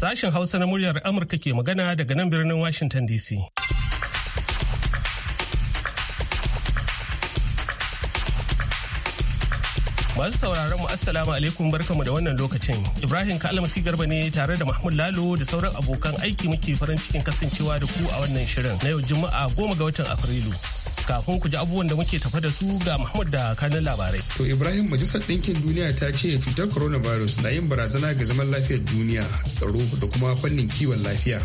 Sashen Hausa na muryar Amurka ke magana daga nan birnin Washington DC. Masu sauraron mu assalamu alaikum barkamu da wannan lokacin. Ibrahim Kalmasi Garba ne tare da Mahmud Lalo da sauran abokan aiki muke farin cikin kasancewa da ku a wannan shirin na yau Juma'a goma ga watan Afrilu. kafin ku ji abubuwan da muke tafa da su ga Muhammad da kanin labarai. To Ibrahim Majalisar Ɗinkin Duniya ta ce cutar coronavirus na yin barazana ga zaman lafiyar duniya, tsaro da kuma fannin kiwon lafiya.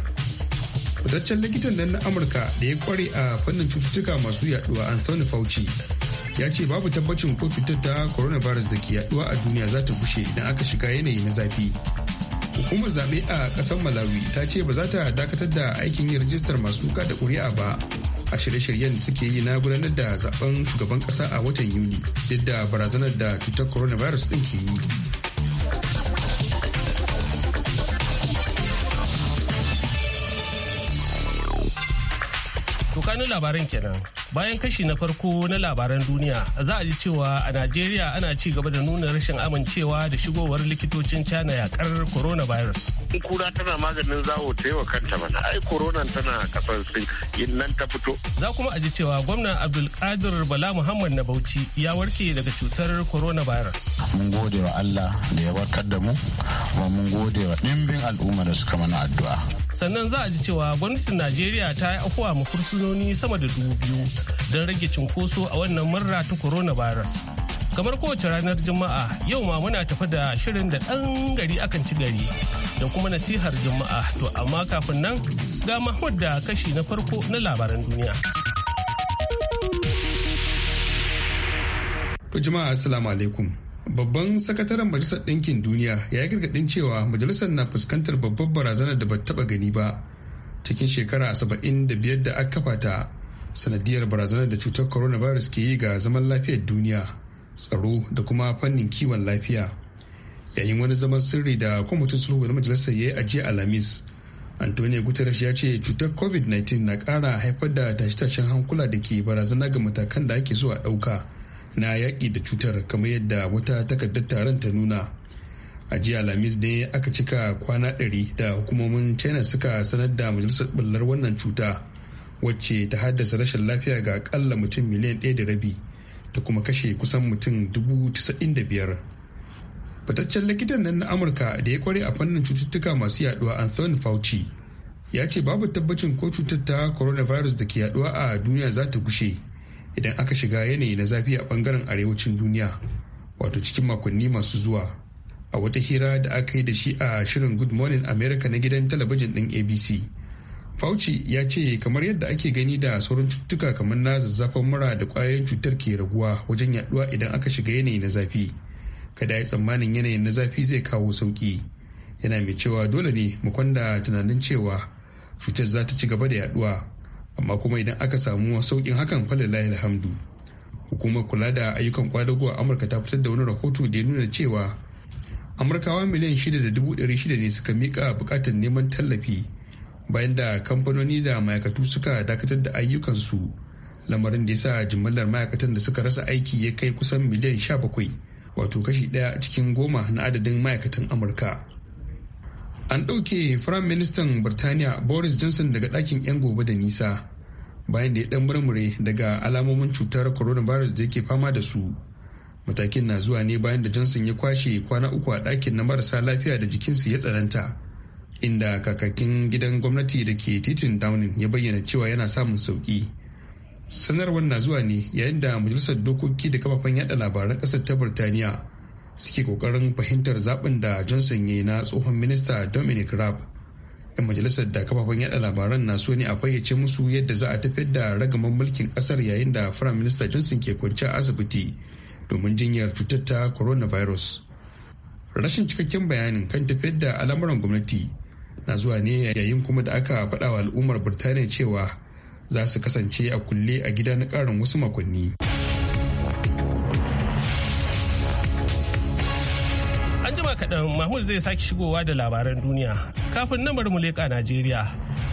Fitaccen likitan nan na Amurka da ya kware a fannin cututtuka masu yaduwa Anthony Fauci ya ce babu tabbacin ko cutar ta coronavirus da ke yaduwa a duniya za ta bushe idan aka shiga yanayi na zafi. hukumar zaɓe a ƙasar malawi ta ce ba za ta dakatar da aikin yin rajistar masu kada ƙuri'a ba a shirye-shiryen da suke yi na gudanar da zaben shugaban kasa a watan yuni duk da barazanar da cutar coronavirus din ke yi tukanin labaran kenan bayan kashi na farko na labaran duniya za a ji cewa a najeriya ana ci gaba da nuna rashin amincewa da shigowar likitocin china yakar coronavirus kura tana maganin zawo ta yi wa kanta mana ai coronan tana kasar sun nan ta fito. Za kuma a ji cewa gwamnan Abdulkadir Bala Muhammad na Bauchi ya warke daga cutar coronavirus. Mun gode wa Allah da ya warkar da mu, kuma mun gode wa ɗimbin al'umma da suka mana addu'a. Sannan za a ji cewa gwamnatin Najeriya ta yi afuwa ma fursunoni sama da dubu biyu don rage cunkoso a wannan murra ta coronavirus. Kamar kowace ranar Juma'a yau ma muna tafi da shirin da ɗan gari akan ci gari. da kuma nasihar jama'a to amma kafin nan ga mahmud da kashi na farko na labaran duniya jama'a assalamu alaikum babban sakataren majalisar ɗinkin duniya ya yi gargaɗin cewa majalisar na fuskantar babbar barazanar da ba taɓa gani ba cikin shekara saba'in da biyar da aka kafa ta sanadiyar barazanar da cutar coronavirus ke yi ga zaman lafiyar duniya tsaro da kuma fannin kiwon lafiya yayin wani zaman sirri da kwamitin sulhu na majalisar ya yi ajiye alhamis antonio guterres ya ce cutar covid-19 na kara haifar da tashe-tashen hankula da ke barazana ga matakan da ake so a ɗauka na yaƙi da cutar kamar yadda wata takardar taron ta nuna a jiya alhamis ne aka cika kwana ɗari da hukumomin china suka sanar da majalisar ɓullar wannan cuta wacce ta haddasa rashin lafiya ga akalla mutum miliyan ɗaya da rabi ta kuma kashe kusan mutum dubu da biyar. fitaccen likitan nan na amurka da ya kware a fannin cututtuka masu yaduwa anthony fauci ya ce babu tabbacin ko cutar ta coronavirus da ke yaduwa a duniya za ta gushe idan aka shiga yanayi na zafi a bangaren arewacin duniya wato cikin makonni masu zuwa a wata hira da aka yi da shi a shirin good morning america na gidan talabijin din abc fauci ya ce kamar yadda ake gani da sauran cututtuka kamar na zazzafan mura da kwayoyin cutar ke raguwa wajen yaduwa idan aka shiga yanayi na zafi kada ya tsammanin yanayin na zafi zai kawo sauki yana mai cewa dole ne mu kwanda tunanin cewa cutar za ta ci gaba da yaduwa amma kuma idan aka samu saukin hakan falilahi alhamdu hukumar kula da ayyukan kwadago a amurka ta fitar da wani rahoto da ya nuna cewa amurkawa miliyan shida ne suka mika bukatar neman tallafi bayan da kamfanoni da ma'aikatu suka dakatar da ayyukansu lamarin da ya sa jimillar ma'aikatan da suka rasa aiki ya kai kusan miliyan 17 wato kashi ɗaya cikin goma na adadin ma'aikatan amurka an ɗauke firayim ministan birtaniya boris johnson daga ɗakin 'yan gobe da nisa bayan da ya ɗan murmure daga alamomin cutar coronavirus da yake fama da su matakin na zuwa ne bayan da johnson ya kwashe kwana uku a ɗakin na marasa lafiya da jikinsu ya tsananta inda kakakin gidan gwamnati da ke titin downing ya bayyana cewa yana samun sauki sanarwar na zuwa ne yayin da majalisar dokoki da kafafen yada labaran kasar ta birtaniya suke kokarin fahimtar zaɓin da johnson ya na tsohon minista dominic raab yan majalisar da kafafen yada labaran na so ne a fayyace musu yadda za a tafiyar da ragaman mulkin kasar yayin da firayim minista johnson ke kwance a asibiti domin jinyar cutar ta coronavirus rashin cikakken bayanin kan tafiyar da al'amuran gwamnati na zuwa ne yayin kuma da aka faɗa wa al'ummar birtaniya cewa za su kasance a kulle a gida na ƙarin wasu makonni. An jima kaɗan Mahmud zai sake shigowa da labaran duniya kafin na leƙa Najeriya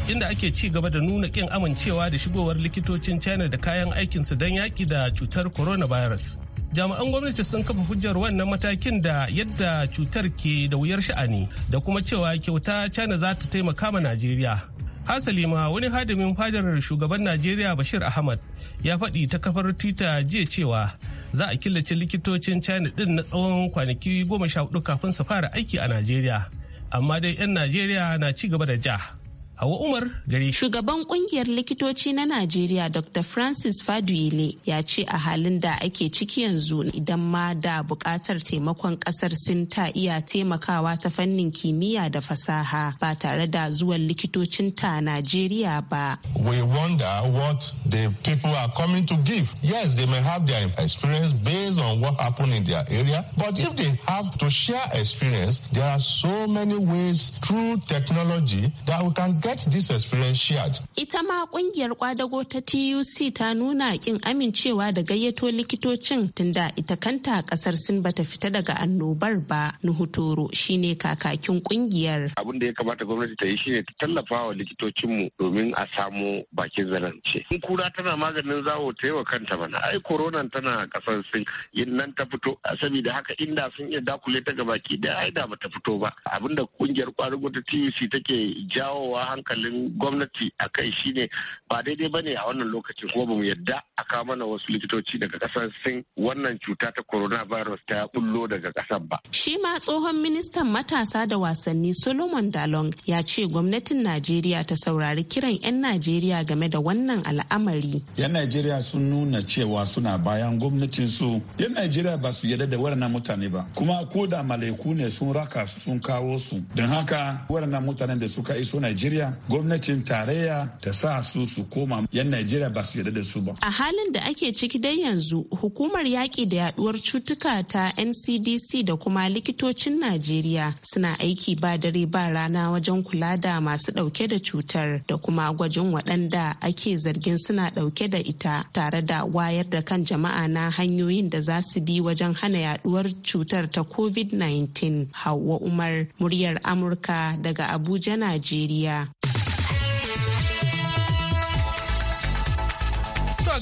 inda ake ci gaba da nuna ƙin amincewa da shigowar likitocin China da kayan aikinsu don yaƙi da cutar coronavirus. jami'an gwamnati sun kafa hujjar wannan matakin da yadda cutar ke da wuyar sha'ani da kuma cewa kyauta china za ta taimaka ma najeriya hasali ma wani hadimin fadar shugaban najeriya bashir ahmad ya faɗi ta kafar twitter jiya cewa za a killace likitocin china ɗin na tsawon kwanaki goma sha hudu kafin su fara aiki a najeriya amma dai 'yan najeriya na ci gaba da ja Hawa Umar gari. Shugaban kungiyar likitoci na Najeriya Dr. Francis Faduile ya ce a halin da ake ciki yanzu idan ma da buƙatar taimakon ƙasar Sin ta iya taimakawa ta fannin kimiyya da fasaha ba tare da zuwan likitocin ta Najeriya ba. We wonder what the people are coming to give. Yes, they may have their experience based on what happened in their area, but if they have to share experience, there are so many ways through technology that we can get Get this experience shared. Ita ma kungiyar kwadago ta TUC ta nuna kin amincewa da gayyato likitocin tunda ita kanta kasar Sin bata fita daga annobar ba. Nuhutoro shine kakakin kungiyar. Abin da ya kamata gwamnati ta yi shine ta tallafa wa likitocinmu domin a samu bakin zalance. In kura tana maganin zawo ta yi wa kanta bana. Ai koronan tana kasar Sin yin nan ta fito. Saboda haka inda sun iya dakule ta gabaki da ai da bata fito ba. Abin da kungiyar kwadago ta TUC take jawowa hankalin gwamnati a kai shine ba daidai ba ne a wannan lokacin kuma ba mu yadda a kawo mana wasu likitoci daga kasar sin wannan cuta ta coronavirus ta bullo daga kasar ba. Shi ma tsohon ministan matasa da wasanni Solomon Dalong ya ce gwamnatin Najeriya ta saurari kiran 'yan Najeriya game da wannan al'amari. 'Yan Najeriya sun nuna cewa suna bayan gwamnatin su. 'Yan Najeriya ba su yarda da waɗannan mutane ba. Kuma ko da malaiku ne sun raka sun kawo su. Don haka waɗannan mutanen da suka iso Najeriya gwamnatin tarayya ta sa su su koma yan Najeriya ba su yarda da su ba. A halin da ake ciki dai yanzu hukumar yaƙi da yaduwar cutuka ta NCDC da kuma likitocin Najeriya suna aiki ba dare ba rana wajen kula da masu ɗauke da cutar da kuma gwajin waɗanda ake zargin suna ɗauke da ita tare da wayar da kan jama'a na hanyoyin da za su bi wajen hana yaduwar cutar ta COVID-19. Hauwa Umar, muryar Amurka daga Abuja, Najeriya.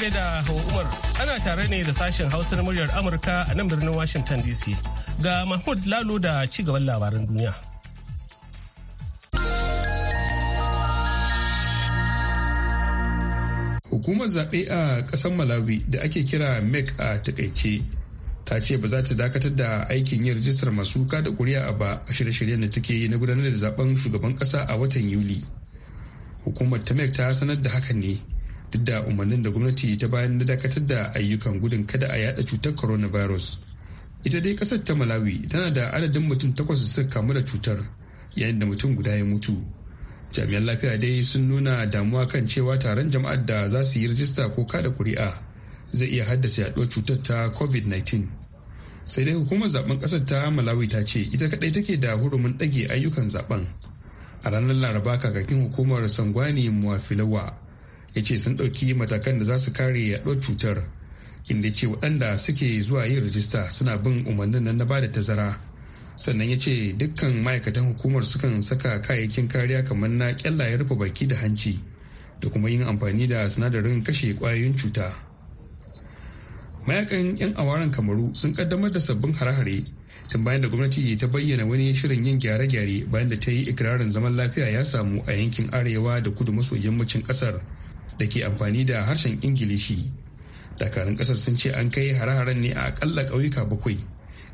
da Hawa Umar ana tare ne da sashen Hausa na muryar Amurka a nan birnin Washington DC. Ga Mahmud Lalo da ci gaban labaran duniya. Hukumar zaɓe a ƙasar Malawi da ake kira mek a takaice ta ce ba za ta dakatar da aikin yin rijistar masu kada kuri'a ba a shirye-shiryen da take yi na gudanar da zaben shugaban ƙasa a watan Yuli. Hukumar ta MEC ta sanar da hakan ne duk da umarnin da gwamnati ta bayan na dakatar da ayyukan gudun kada a yada cutar coronavirus ita dai kasar ta malawi tana da adadin mutum takwas da suka kamu da cutar yayin da mutum guda ya mutu jami'an lafiya dai sun nuna damuwa kan cewa taron jama'ar da za su yi rajista ko kada kuri'a zai iya haddasa yaduwar cutar ta covid-19 sai dai hukumar zaben kasar ta malawi ta ce ita kadai take da hurumin ɗage ayyukan zaben a ranar laraba kakakin hukumar sangwani muwafilawa ya ce sun ɗauki matakan da za su kare yaɗo cutar inda ce waɗanda suke zuwa yin rajista suna bin umarnin nan na ba da tazara sannan ya ce dukkan ma'aikatan hukumar sukan saka kayayyakin kariya kamar na kyallaye rufe baki da hanci da kuma yin amfani da sinadarin kashe kwayoyin cuta mayakan 'yan awaran kamaru sun kaddamar da sabbin hare tun bayan da gwamnati ta bayyana wani shirin yin gyare-gyare bayan da ta yi ikirarin zaman lafiya ya samu a yankin arewa da kudu maso yammacin kasar da ke amfani da harshen ingilishi dakarun kasar sun ce an kai hare-haren ne a akalla ƙauyuka bakwai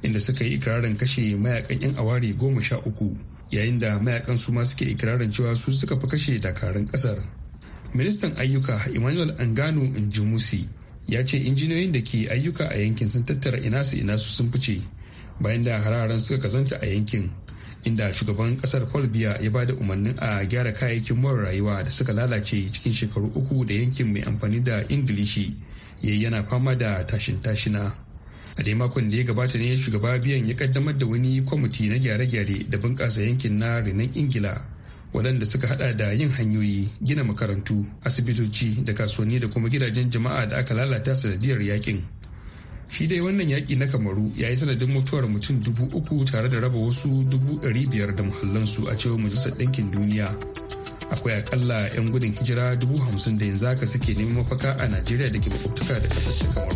inda suka yi ikirarin kashe mayakan 'yan awari goma sha uku yayin da mayakan su ma suke ikirarin cewa su suka fi kashe dakarun kasar ministan ayyuka emmanuel angano injimusi ya ce injiniyoyin da ke ayyuka a yankin sun tattara ina su ina su sun fice bayan da hararen suka kasance a yankin inda shugaban kasar paul biya ya ba da umarnin a gyara kayayyakin more rayuwa da suka lalace cikin shekaru uku da yankin mai amfani da ingilishi ya yana fama da tashin tashina a dai makon da ya gabata ne shugaba biyan ya kaddamar da wani kwamiti na gyare-gyare da bunƙasa yankin na renon ingila waɗanda suka hada da yin hanyoyi gina makarantu asibitoci da kasuwanni da kuma gidajen jama'a da aka lalata sanadiyar yakin shi dai wannan yaƙi na kamaru ya yi sanadin mutuwar mutum dubu uku tare da raba wasu dubu ɗari biyar da muhallansu a cewar majalisar ɗinkin duniya akwai akalla 'yan gudun hijira dubu hamsin da yanzu haka suke neman mafaka a najeriya da ke makwabtaka da ƙasar ta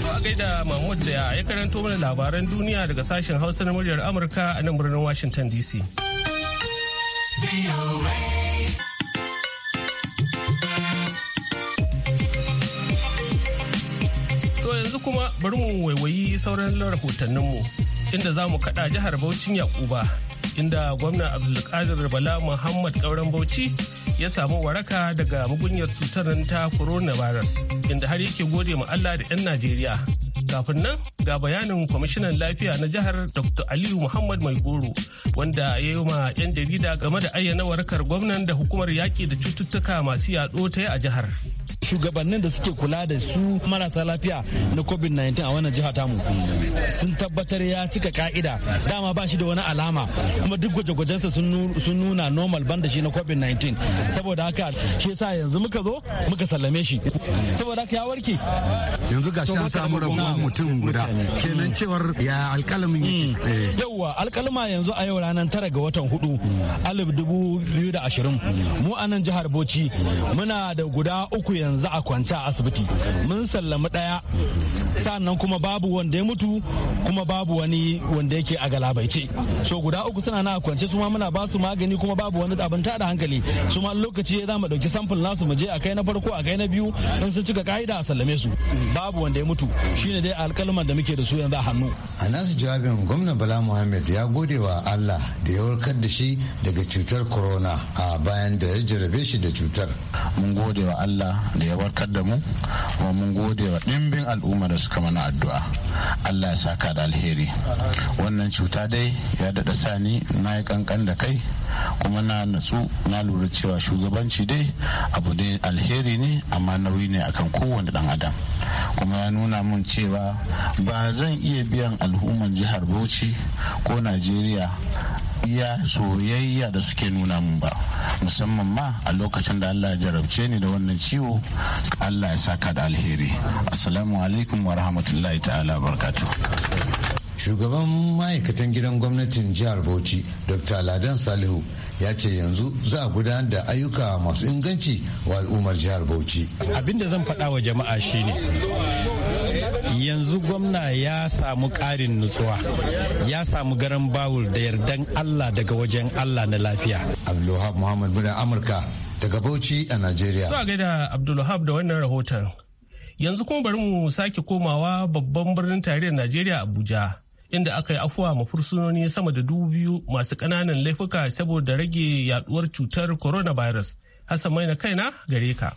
kamaru gaida Mahmud da ya karanto mana labaran duniya daga sashen Hausa na muryar Amurka a nan birnin Washington DC. To yanzu kuma bari mu waiwayi sauran rahotanninmu inda za mu kaɗa jihar Bauchin Yakuba inda gwamna abdulkadir bala muhammad kauran bauchi ya samu waraka daga mugunyar cutar ta coronavirus inda har yake gode ma allah da 'yan najeriya kafin nan ga bayanin kwamishinan lafiya na jihar dr aliyu muhammad Maigoro. wanda ya yi ma 'yan jarida game da ayyana warakar gwamnan da hukumar yaƙi da cututtuka masu yaɗo ta yi a jihar shugabannin da suke kula da su marasa lafiya na covid-19 a wannan jiha tamu sun tabbatar ya cika ka'ida dama ba shi da wani alama kuma duk gwaje-gwajensa sun nuna normal banda shi na covid-19 saboda haka shi yasa yanzu muka zo muka sallame shi saboda haka ya warke yanzu ga shi an samu rabuwar mutum guda kenan cewar ya alkalamin yake mm. eh. yauwa alkalma yanzu a yau ranar tara ga watan hudu alif dubu biyu da ashirin mu anan jihar bauchi muna da guda uku yanzu a kwance a asibiti mun sallami ɗaya sannan kuma babu wanda ya mutu kuma babu wani wanda yake a galabaice so guda uku suna na kwance su ma muna ba su magani kuma babu wani abin da hankali su ma lokaci ya mu ɗauki samfur nasu mu je a kai na farko a kai na biyu in sun cika ka'ida a sallame su babu wanda ya mutu shine dai alkalman da muke da su yanzu a hannu a nasu jawabin gwamnan bala muhammed ya gode wa allah da ya warkar da shi daga cutar corona a bayan da ya jarabe shi da cutar mun gode wa allah da ya warkar da mu kuma mun gode wa ɗimbin al'umma da suka mana addu'a allah ya saka da alheri wannan cuta dai ya daɗa sani na yi kankan da kai kuma na natsu na lura cewa shugabanci dai abu ne alheri ne amma nauyi ne akan kowane ɗan adam kuma ya nuna mun cewa ba zan iya biyan al'umman jihar bauchi ko najeriya iya soyayya da suke nuna mun ba musamman ma a lokacin da Allah ya jarabce ni da wannan ciwo Allah ya saka da alheri assalamu alaikum wa rahmatullahi ta'ala barkatu shugaban ma'aikatan gidan gwamnatin jihar bauchi dr ladan salihu ya ce yanzu za a gudanar da ayyuka masu inganci wa al'ummar jihar bauchi abinda zan faɗa wa jama'a shine yanzu gwamna ya samu ƙarin nutsuwa ya samu garan bawul da yardan allah daga wajen allah na lafiya abdulwahab muhammad muna amurka daga bauchi a nigeria zuwa gaida abdulwahab da wannan rahoton yanzu kuma bari mu sake komawa babban birnin tarayyar najeriya abuja inda aka yi afuwa ma fursunoni sama da dubu biyu masu ƙananan laifuka saboda rage yaduwar cutar coronavirus hassan mai na kaina gare ka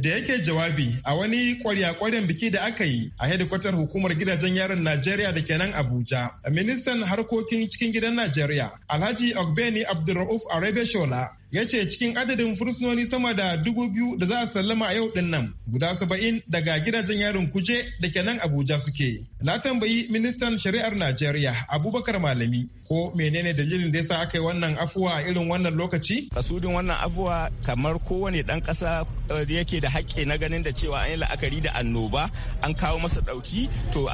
da yake jawabi a wani kwarya-kwaryan biki da aka yi a hedikwatar hukumar gidajen yaron Najeriya da ke nan Abuja. Ministan harkokin cikin gidan Najeriya, Alhaji Ogbeni Abdulrauf Arabeshola ya ce cikin adadin fursunoni sama da dubu biyu da za a sallama a yau din nan guda saba'in daga gidajen yarin kuje da ke nan abuja suke na tambayi ministan shari'ar najeriya abubakar malami ko menene dalilin da yasa aka yi wannan afuwa a irin wannan lokaci kasudin wannan afuwa kamar kowane dan kasa eh, yake da haƙƙi na ganin da cewa an yi la'akari da annoba an kawo masa ɗauki to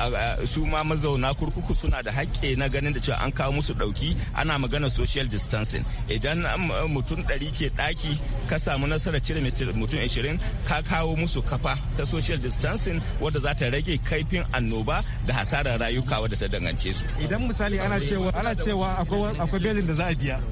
su ma mazauna kurkuku suna da haƙƙi na ganin da cewa an kawo musu ɗauki ana magana social distancing idan um, mutum ɗari ke ɗaki ka samu nasarar cire mutum ashirin ka kawo musu kafa ta social distancing wadda za ta rage kaifin annoba da hasarar rayuka wadda ta dangance su. Idan misali ana cewa ana cewa akwai belin da za a biya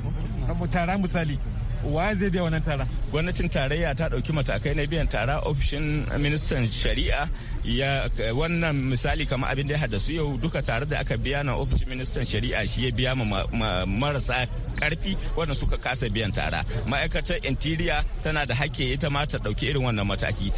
tara misali wa zai biya wannan tara gwamnatin tarayya ta ɗauki matakai na biyan tara ofishin ministan shari'a ya wannan misali kama abin da ya haddasu yau duka tare da aka biya na ofishin ministan shari'a shi ya biya marasa karfi wanda suka kasa biyan tara ma'aikatar interior tana da hakke ita ma ta dauki irin wannan mataki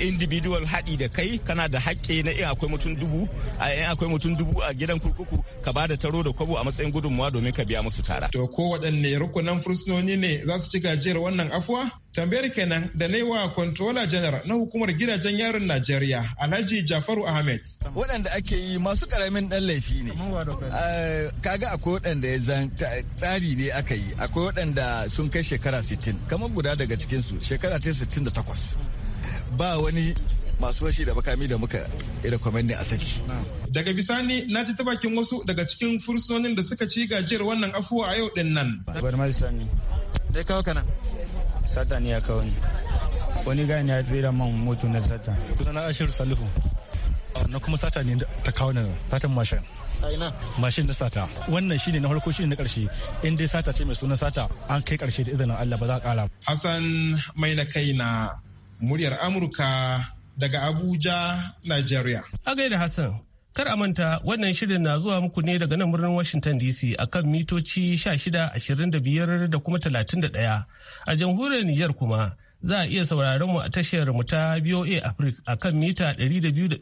individual haɗi da kai kana da hakke na in akwai mutum dubu a in akwai mutum dubu a gidan kurkuku ka ba da taro da kwabo a matsayin gudunmuwa domin ka biya musu tara to ko waɗanne rukunan fursunoni ne za su ci gajiyar wannan afuwa Tambayar kenan da na wa Controller General na hukumar gidajen yaron Najeriya Alhaji Jafaru Ahmed. Waɗanda ake yi masu ƙaramin ɗan laifi ne. Eh, kaga akwai waɗanda ya zan tsari ne aka yi, akwai waɗanda sun kai shekara 60, kamar guda daga cikinsu shekara ta 68. Ba wani masu washi da makami da muka ira kwamendi a saki. Daga bisani na ji ta bakin wasu daga cikin fursunonin da suka ci gajiyar wannan afuwa a yau din nan. ma sani. Dai kawo kana. sata ne ya kawo ni wani gani ya da man moto na sata na ashiru salifu sannan kuma sata ne ta kawo ni satan mashin mashin na sata wannan shine na farko shine na karshe in dai sata ce mai suna sata an kai karshe da izinin Allah ba za a kara Hassan mai na kai na muryar Amurka daga Abuja Nigeria a gaida Hassan Kar a manta wannan shirin na zuwa muku ne daga nan birnin Washington DC akan mitoci 1625 da kuma 31. A jamhuriyar Nijar kuma za a iya sauraron mu a tashar mu ta BOA Africa akan mita 200.5.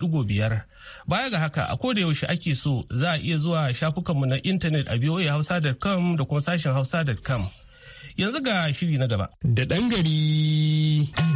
Baya ga haka a koda yaushe ake so za a iya zuwa shafukanmu na intanet a boahausa.com da kuma sashen hausa.com. Yanzu ga shiri na gaba. Da ɗan gari.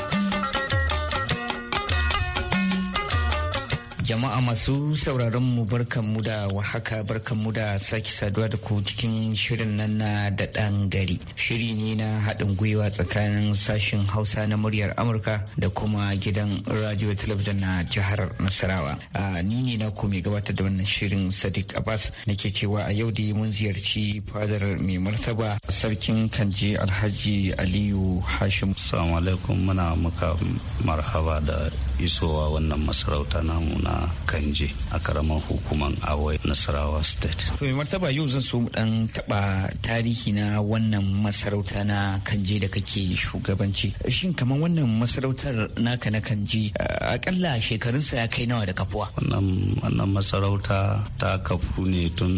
Jama'a masu sauraron mu barkan mu da wahaka mu da sake saduwa da ku cikin shirin nan na da ɗan gari. Shiri ne na haɗin gwiwa tsakanin sashen Hausa na muryar Amurka da kuma gidan radio talabijin na jihar Nasarawa. Ni ne na ku mai gabatar da wannan shirin Sadiq Abbas nake cewa a yau da mun ziyarci fadar mai martaba sarkin Kanje Alhaji Aliyu Hashim. Assalamu alaikum muna muka marhaba da isowa wannan masarauta namu na kanje a karamar hukuman awai nasarawa state to mai martaba yau zan so mu dan taba tarihi na wannan masarauta na kanje da kake shugabanci shin kamar wannan masarautar naka na kanje akalla sa ya kai nawa da kafuwa wannan masarauta ta kafu ne tun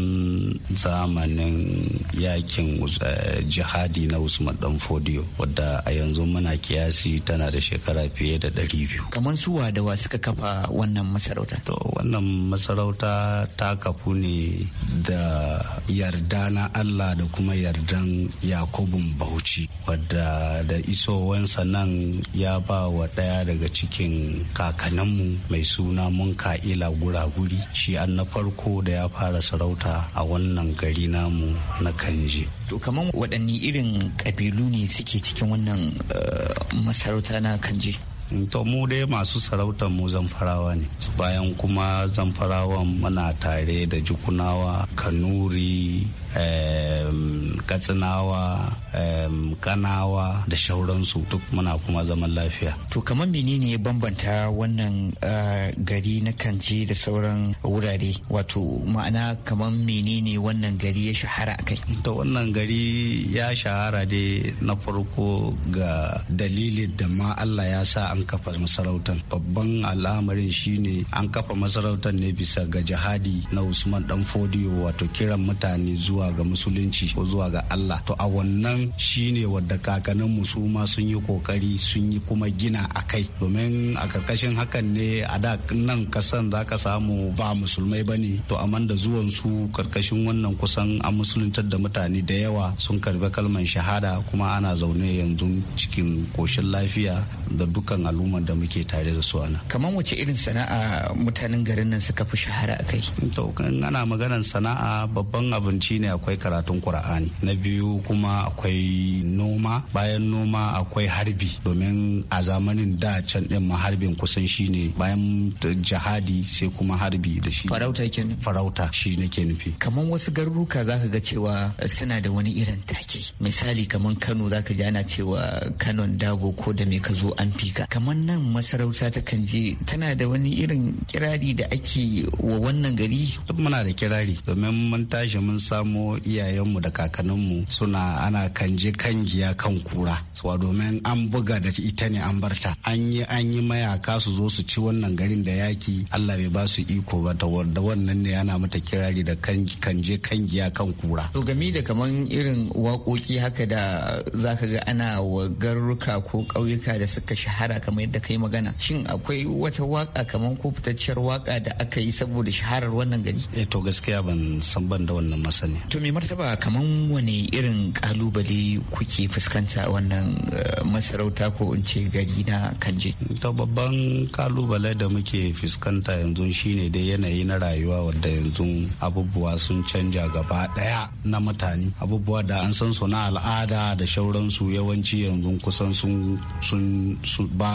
zamanin yakin eh, jihadi na usman dan fodiyo wadda a yanzu muna kiyasi tana da shekara fiye da 200 kamar su suwa da wa suka kafa wannan masarauta to wannan masarauta ta kafu ne da yarda na allah da kuma yardan yakubun bauchi wadda da isowansa nan ya ba wa ɗaya daga cikin kakanninmu mai suna mun munka'ila guraguri shi an na farko da ya fara sarauta a wannan gari namu na kanje to kamar waɗanne irin ƙabilu ne suke cikin wannan eh, masarauta na kanje to mu dai masu sarautar mu zamfarawa ne bayan kuma zamfarawan muna tare da jukunawa kanuri katsinawa kanawa da shauransu duk muna kuma zaman lafiya to kamar menene ya bambanta wannan eh, gari na kanji da sauran wurare wato ma'ana kamar menene wannan gari ya shahara kai to wannan gari ya shahara dai na farko ga dalilin da ma allah ya sa an kafa masarautar babban al'amarin shine an kafa masarautar ne bisa ga jihadi na usman dan fodiyo wato kiran mutane zuwa ga musulunci ko zuwa ga allah to a wannan shine wadda kakannin ma sun yi kokari sun yi kuma gina a kai domin a karkashin hakan ne a da nan kasan za ka samu ba musulmai ba ne to amma da zuwan su karkashin wannan kusan an musuluntar da mutane da yawa sun karbi kalman shahada kuma ana zaune yanzu cikin koshin lafiya da dukan dukkan da muke tare da su ana kamar wace irin sana'a mutanen garin nan suka fi shahara a kai to ana maganar sana'a babban abinci ne akwai karatun kur'ani na biyu kuma akwai noma bayan noma akwai harbi domin a zamanin da can din ma harbin kusan shine bayan jihadi sai kuma harbi da shi farauta nufi. farauta shi nake nufi kamar wasu garuruka ka ga cewa suna da wani irin take misali kamar Kano za ka ji ana cewa Kano dago ko da me ka zo an fika kamar nan masarauta ta kanje tana da wani irin kirari da ake wa wannan gari muna da kirari domin mun tashi mun samo iyayenmu da kakanninmu suna ana kanje kangiya kan kura suwa domin an buga da ita ne an barta an yi an yi mayaka su zo su ci wannan garin da yaki Allah bai ba su iko ba da wannan ne ana mata kirari da kanje kan giya kan kura to game da kaman irin waƙoƙi haka da zaka ga ana wa garuruka ko ƙauyuka da suka shahara kamar yadda kai magana shin akwai wata waka kamar ko fitacciyar waka da aka yi saboda shaharar wannan gari eh to gaskiya ban san ban da wannan masani to me martaba kamar wani irin kalubale kuke fuskanta a wannan eh, masarauta ko in ce gari na kanje to babban kalubale da muke fuskanta yanzu shine dai yanayi na rayuwa wanda yanzu abubuwa sun canja gaba daya na mutane abubuwa da an san su na al'ada da shauransu yawanci yanzu kusan sun ba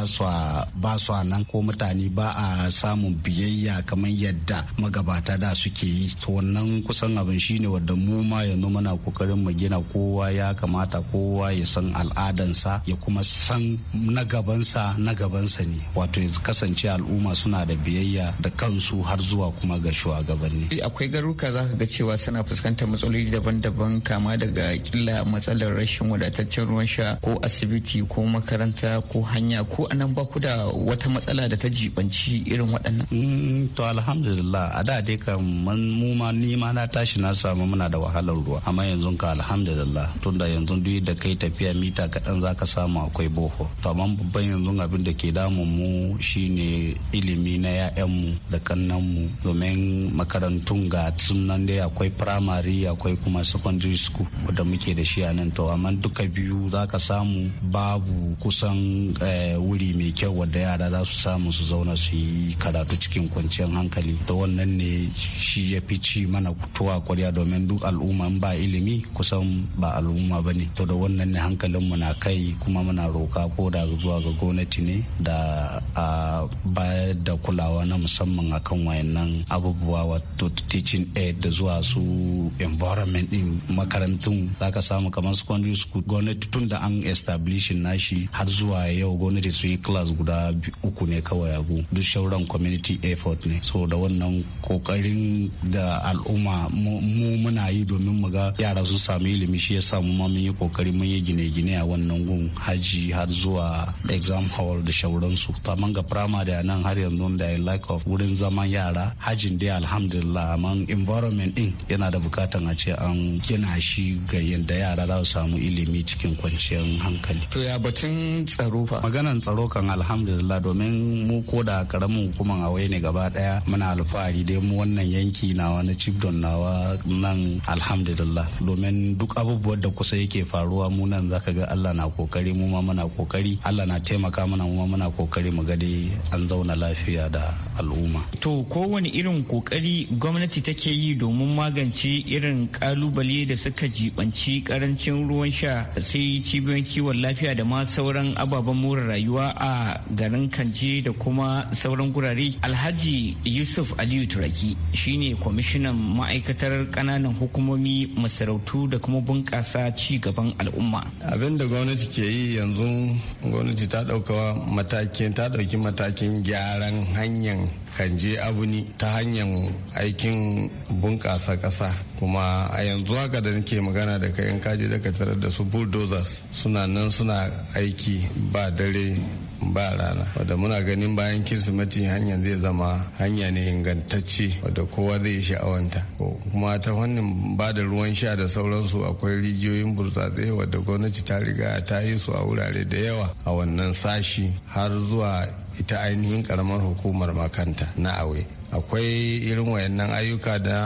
ba su nan ko mutane ba a samun biyayya kamar yadda magabata da suke yi to wannan kusan abin shine wadda mu ma yanzu muna kokarin mu gina kowa ya kamata kowa ya san al'adansa ya kuma san na gabansa na gabansa ne wato ya kasance al'umma suna da biyayya da kansu har zuwa kuma ga shugabanni eh, akwai garuka za ka ga cewa suna fuskantar matsaloli daban-daban kama daga kila matsalar rashin wadataccen ruwan sha ko asibiti ko makaranta ko hanya ko nan ba ku da wata matsala da ta jibanci irin waɗannan? Eh, to alhamdulillah a da dai kan man muma ni ma na tashi na samu muna da wahalar ruwa amma yanzu ka alhamdulillah tunda yanzu duk da kai tafiya mita kaɗan zaka samu akwai boho to amma babban yanzu abin da ke damun mu shine ilimi na 'ya'yanmu da mu domin makarantun ga nan dai akwai primary akwai kuma secondary school da muke da shi a nan to amma duka biyu zaka samu babu kusan wuri eh, guri mai kyau wadda yara za su samu su zauna su yi karatu cikin kwanciyar hankali da wannan ne shi ya fi ci mana tuwa kwarya domin duk al'umma ba ilimi kusan ba al'umma ba ne to da wannan ne hankalinmu na kai kuma muna roka ko da zuwa ga gwamnati ne da a bayar da kulawa na musamman akan wayannan abubuwa wato teaching aid da zuwa su environment din makarantun zaka samu kamar secondary school gwamnati tun da an establishing nashi har zuwa yau gwamnati su shi class guda uku ne kawai abu duk shauran community effort ne so da wannan kokarin da al'umma mu muna yi domin mu ga yara su samu ilimi shi ya samu ma mun yi kokari mun yi gine-gine a wannan gun haji har zuwa exam hall da shauransu to amma ga primary a nan har yanzu da i like of wurin zaman yara hajin dai alhamdulillah amma environment din yana da bukatan a ce an gina shi ga yadda yara za su samu ilimi cikin kwanciyar hankali to ya batun tsaro fa maganan tsaro kan alhamdulillah domin mu ko da karamin hukuman awai ne gaba daya muna alfahari dai mu wannan yanki nawa na cibdon nawa nan alhamdulillah domin duk abubuwan da kusa yake faruwa mu nan zaka ga Allah na kokari mu ma muna kokari Allah na taimaka mana mu ma muna kokari mu ga dai an zauna lafiya da al'umma to kowane irin kokari gwamnati take yi domin magance irin kalubale da suka jibanci karancin ruwan sha sai cibiyoyin kiwon lafiya da ma sauran ababen more rayuwa rayuwa a garin Kanje da kuma sauran gurare Alhaji Yusuf Aliyu Turaki shine kwamishinan ma'aikatar ƙananan hukumomi masarautu da kuma bunƙasa ci gaban al'umma. Abin da gwamnati ke yi yanzu gwamnati ta matakin ta ɗauki matakin gyaran hanyar kan je abuni ta hanyar aikin bunƙasa ƙasa kuma a yanzu haka da nake magana da kai in kaje da tara da su bulldozers suna nan suna aiki ba dare ba rana wadda muna ganin bayan kirsimeti hanyar zai zama hanya ne ingantacce wadda kowa zai yi sha'awanta kuma ta wannan ba da ruwan sha da sauransu akwai rijiyoyin burtsatse wadda gwamnati ta riga ta yi su a wurare da yawa a wannan sashi har zuwa ita ainihin karamar hukumar makanta na awe akwai irin wayannan ayyuka da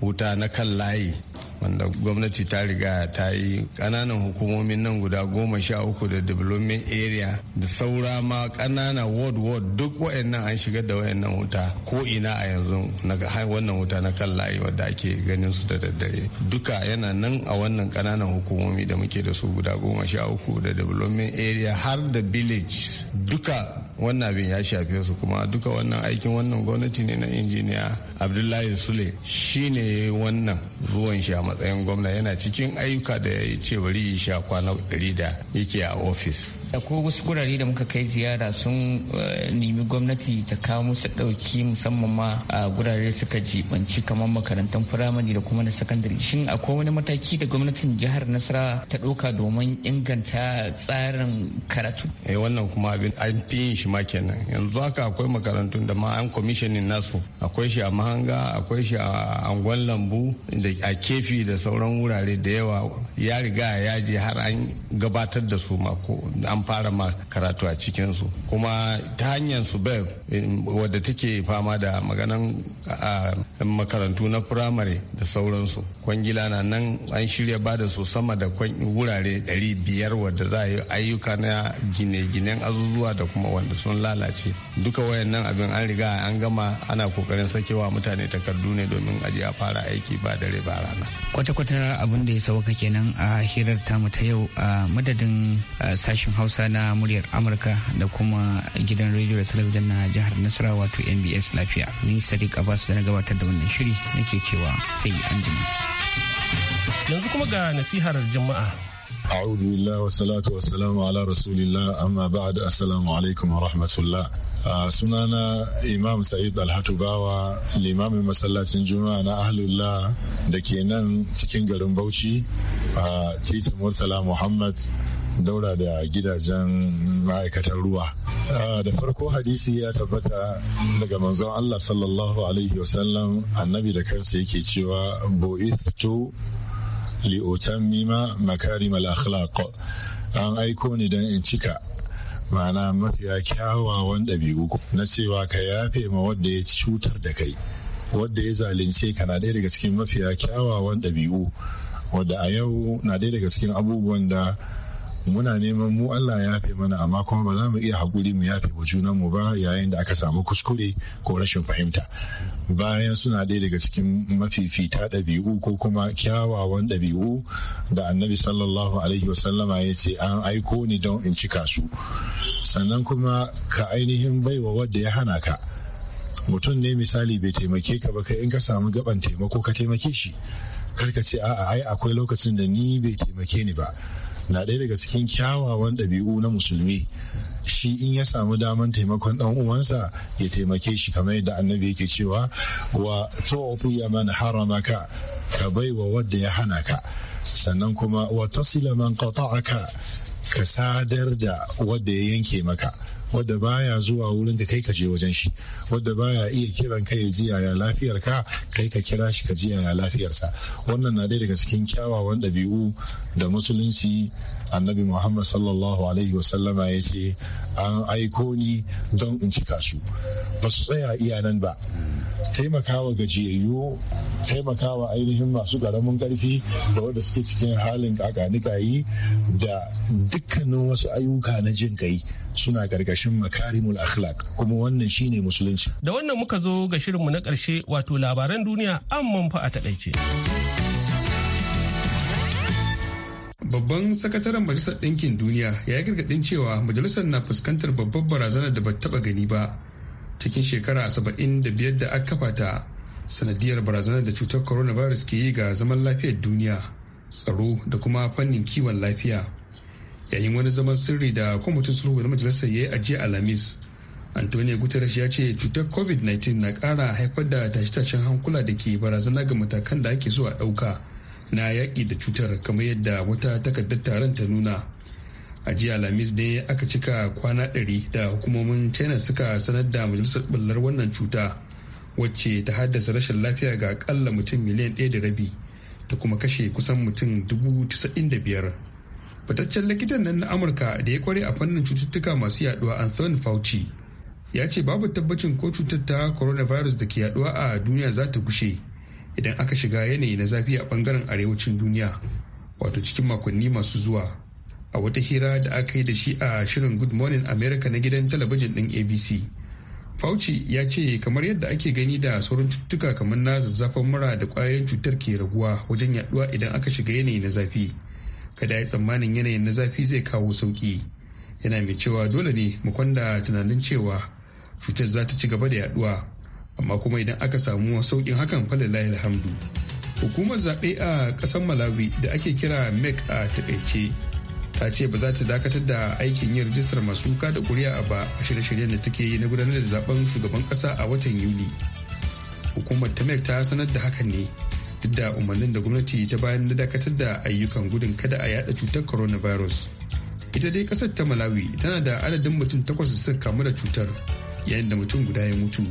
wuta na kan layi wanda gwamnati ta riga ta yi kananan hukumomin nan guda goma sha uku da development area da saura ma kanana ward ward duk wayannan an shigar da wayannan wuta ko ina a yanzu na wannan wuta na kan layi wadda ake ganin su da daddare duka yana nan a wannan kananan hukumomi da muke da su guda goma sha uku da development area har da village duka wannan abin ya shafe su kuma duka wannan aikin wannan gwamnati ne na injiniya abdullahi sule shi ne wannan zuwan shi a matsayin gwamna yana cikin ayyuka da ya ce bari ya sha kwana 100 da yake a ofis ko wasu gurare da muka kai ziyara sun eh, nemi gwamnati ta kawo musu ɗauki musamman ma a gurare suka jibanci kamar makarantar firamare da kuma na sakandare shin akwai wani mataki da gwamnatin jihar nasara ta ɗauka domin inganta tsarin karatu eh wannan kuma abin an fi yin shi ma kenan yanzu haka akwai makarantun da ma an commissioning nasu akwai shi a mahanga akwai shi a angon lambu da a kefi da sauran wurare da yawa ya riga ya je har an gabatar da su ma ko an fara ma karatu a cikinsu kuma ta hanyar su beb wadda take fama da maganan makarantu na firamare da sauransu kwangila na nan an shirya ba da su sama da wurare 500 wadda za a yi ayyuka na gine-ginen azuzuwa da kuma wanda sun lalace duka wayannan abin an riga an gama ana kokarin sakewa mutane takardu ne domin ajiye a fara aiki ba dare ba rana kwata-kwata abin da ya sauka kenan a hirar tamu ta yau a madadin sashen hausa hausa na muryar amurka da kuma gidan rediyo da talabijin na jihar nasara wato mbs lafiya ni sadiq abbas da na gabatar da wannan shiri nake cewa sai an jima yanzu kuma ga nasihar jama'a أعوذ بالله والصلاة والسلام على رسول الله أما بعد السلام عليكم sunana imam sa'id alhatubawa limamin masallacin juma'a na ahlullah da ke nan cikin garin bauchi a titin murtala muhammad daura da gidajen ma'aikatan ruwa ah, da farko hadisi ya tabbata daga manzon Allah sallallahu alaihi wasallam annabi da kansa yake cewa Mima, li'utammima makarimal akhlaq an aiko ni don in cika ma'ana mafiya kyawawan ɗabi'u na cewa ka yafe ma wadda ya cutar da kai Wanda ya zalunce ka na ɗaya daga cikin mafiya kyawawan ɗabi'u wadda a yau na ɗaya daga cikin abubuwan da muna neman mu Allah ya yafe mana amma kuma ba za mu iya haƙuri mu yafe junan mu ba yayin da aka samu kuskure ko rashin fahimta bayan suna ɗaya daga cikin mafifita ɗabi'u ko kuma kyawawan ɗabi'u da annabi sallallahu alaihi wasallama ya ce an aiko ni don in cika su sannan kuma ka ainihin baiwa wadda ya hana ka mutum ne misali bai taimake ka ba kai in ka samu gaban taimako ka taimake shi kar ka ce a'a ai akwai lokacin da ni bai taimake ni ba na ɗaya daga cikin kyawawan ɗabi'u na musulmi shi in ya samu daman taimakon ɗan uwansa ya taimake shi kamar yadda annabi yake cewa wa tu'ti ya man haramaka ka baiwa wadda ya hana ka sannan kuma wa tasila man qata'aka ka sadar da wadda ya yanke maka wadda baya zuwa wurin da kai ka je wajen shi wadda baya iya kiran kai ya jiya yaya lafiyar ka kai ka kira shi ka jiya yaya lafiyarsa wannan na daya daga cikin kyawawan ɗabi'u da musulunci annabi muhammad sallallahu alaihi wasallama ya ce an aiko ni don in cika su ba su tsaya iyanan ba taimakawa gajiyayyu taimakawa ainihin masu ƙaramin ƙarfi da wanda suke cikin halin kakanikayi da dukkanin wasu ayyuka na jin kai suna gargashin makarimul akhlaq kuma wannan shine musulunci da wannan muka zo ga shirinmu na ƙarshe wato labaran duniya an fa a takaice. babban sakataren majalisar ɗinkin duniya ya yi gargaɗin cewa majalisar na fuskantar babbar barazanar da ba taɓa gani ba cikin shekara saba'in da biyar da aka kafa ta sanadiyar barazanar da cutar coronavirus ke yi ga zaman lafiyar duniya tsaro da kuma fannin kiwon lafiya yayin wani zaman sirri da kwamitin sulhu na majalisar ya yi ajiye alhamis antonio guterres ya ce cutar covid-19 na ƙara haifar da tashe-tashen hankula da ke barazana ga matakan da ake so a ɗauka na yaƙi da cutar kamar yadda wata takardar taron ta nuna a jiya lamis ne aka cika kwana ɗari da hukumomin china suka sanar da majalisar ɓullar wannan cuta wacce ta haddasa rashin lafiya ga akalla mutum miliyan ɗaya da rabi ta kuma kashe kusan mutum dubu tisa'in da biyar fitaccen likitan nan na amurka da ya kware a fannin cututtuka masu yaɗuwa anthony fauci ya ce babu tabbacin ko cutar ta coronavirus da ke yaɗuwa a duniya za ta gushe idan aka shiga yanayi na zafi a bangaren arewacin duniya wato cikin makonni masu zuwa a wata hira da aka yi da shi a shirin good morning america na gidan talabijin din abc fauci ya ce kamar yadda ake gani da sauran cututtuka kamar na zazzafan mura da kwayoyin cutar ke raguwa wajen yaduwa idan aka shiga yanayi na zafi kada ya tsammanin yanayin na zafi zai kawo sauki yana mai cewa dole ne mu kwanda tunanin cewa cutar za ta ci gaba da yaduwa amma kuma idan aka samu sauƙin hakan falilai alhamdu hukumar zaɓe a ƙasar malawi da ake kira mek a taƙaice ta ce ba za ta dakatar da aikin yin rijistar masu kada kuri'a ba a shirye-shiryen da take yi na gudanar da zaben shugaban ƙasa a watan yuli hukumar ta mek ta sanar da hakan ne duk da umarnin da gwamnati ta bayan na dakatar da ayyukan gudun kada a yada cutar coronavirus ita dai ƙasar ta malawi tana da adadin mutum takwas da suka kamu da cutar yayin da mutum guda ya mutu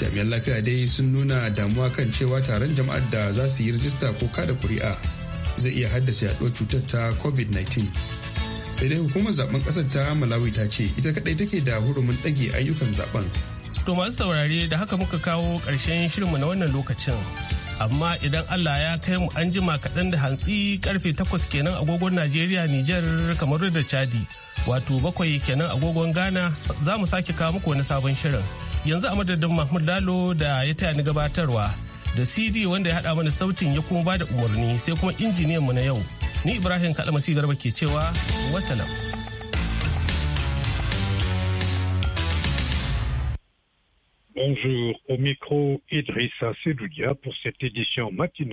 jami'an lafiya dai sun nuna damuwa kan cewa taron jama'ar da za su yi rajista ko kada kuri'a zai iya haddasa yaduwar cutar ta covid-19 sai dai hukumar zaben kasar ta malawi ta ce ita kadai take da hurumin ɗage ayyukan zaben to masu saurare da haka muka kawo ƙarshen shirinmu na wannan lokacin amma idan allah ya kai mu an jima kaɗan da hantsi karfe takwas kenan agogon najeriya nijar kamar da chadi wato bakwai kenan agogon ghana za mu sake kawo muku wani sabon shirin yanzu a madadin mahmud lalo da ya taya ni gabatarwa da cd wanda ya hada mana sautin ya kuma bada umarni sai kuma injiniyan mu na yau ni ibrahim kalmasi garba ke cewa wasalam. Bonjour, au micro Idrissa Sedoudia pour cette édition matinale.